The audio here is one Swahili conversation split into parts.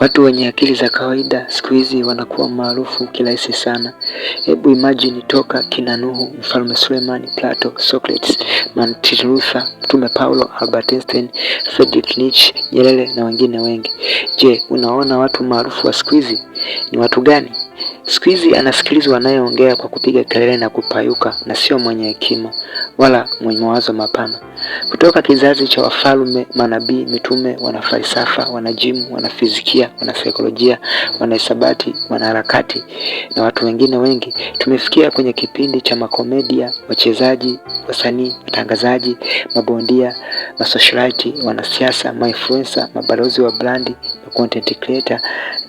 Watu wenye akili za kawaida siku hizi wanakuwa maarufu kirahisi sana. Hebu imagine toka kina Nuhu, Mfalme Sulemani, Plato, Socrates, Martin Luther, Mtume Paulo, Albert Einstein, Friedrich Nietzsche, Nyerere na wengine wengi. Je, unaona watu maarufu wa siku hizi ni watu gani? Siku hizi anasikilizwa anayeongea kwa kupiga kelele na kupayuka, na sio mwenye hekima wala mwenye mawazo mapana. Kutoka kizazi cha wafalme, manabii, mitume, wanafalsafa, wana wanajim, wanafizikia, wanasaikolojia, wanahesabati, wanaharakati na watu wengine wengi. Tumefikia kwenye kipindi cha makomedia, wachezaji, wasanii, watangazaji, mabondia, masocialite, wanasiasa, mainfluencer, mabalozi wa brandi, content creator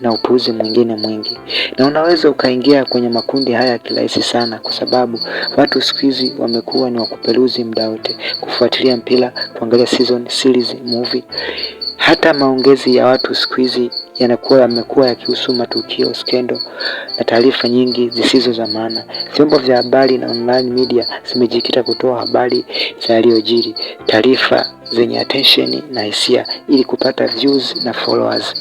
na upuuzi mwingine mwingi, na unaweza ukaingia kwenye makundi haya kirahisi sana, kwa sababu watu siku hizi wamekuwa ni wakupeluzi muda wote, kufuatilia mpira, kuangalia season, series, movie hata maongezi ya watu siku hizi yanakuwa yamekuwa yakihusu matukio, skendo na taarifa nyingi zisizo za maana. Vyombo vya habari na online media zimejikita kutoa habari za yaliyojiri, taarifa zenye attention na hisia, ili kupata views na followers.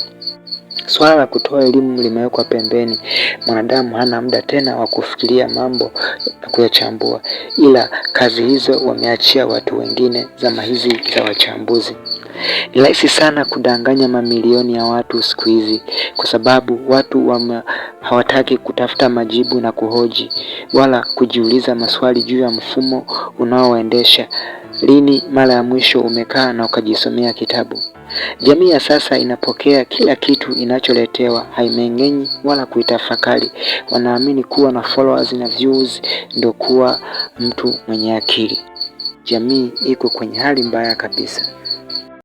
Swala la kutoa elimu limewekwa pembeni. Mwanadamu hana muda tena wa kufikiria mambo na kuyachambua, ila kazi hizo wameachia watu wengine, zama hizi za wachambuzi. Ni rahisi sana kudanganya mamilioni ya watu siku hizi, kwa sababu watu wama, hawataki kutafuta majibu na kuhoji wala kujiuliza maswali juu ya mfumo unaoendesha Lini mara ya mwisho umekaa na ukajisomea kitabu? Jamii ya sasa inapokea kila kitu inacholetewa, haimeng'enyi wala kuitafakari. Wanaamini kuwa na followers na views ndio kuwa mtu mwenye akili. Jamii iko kwenye hali mbaya kabisa.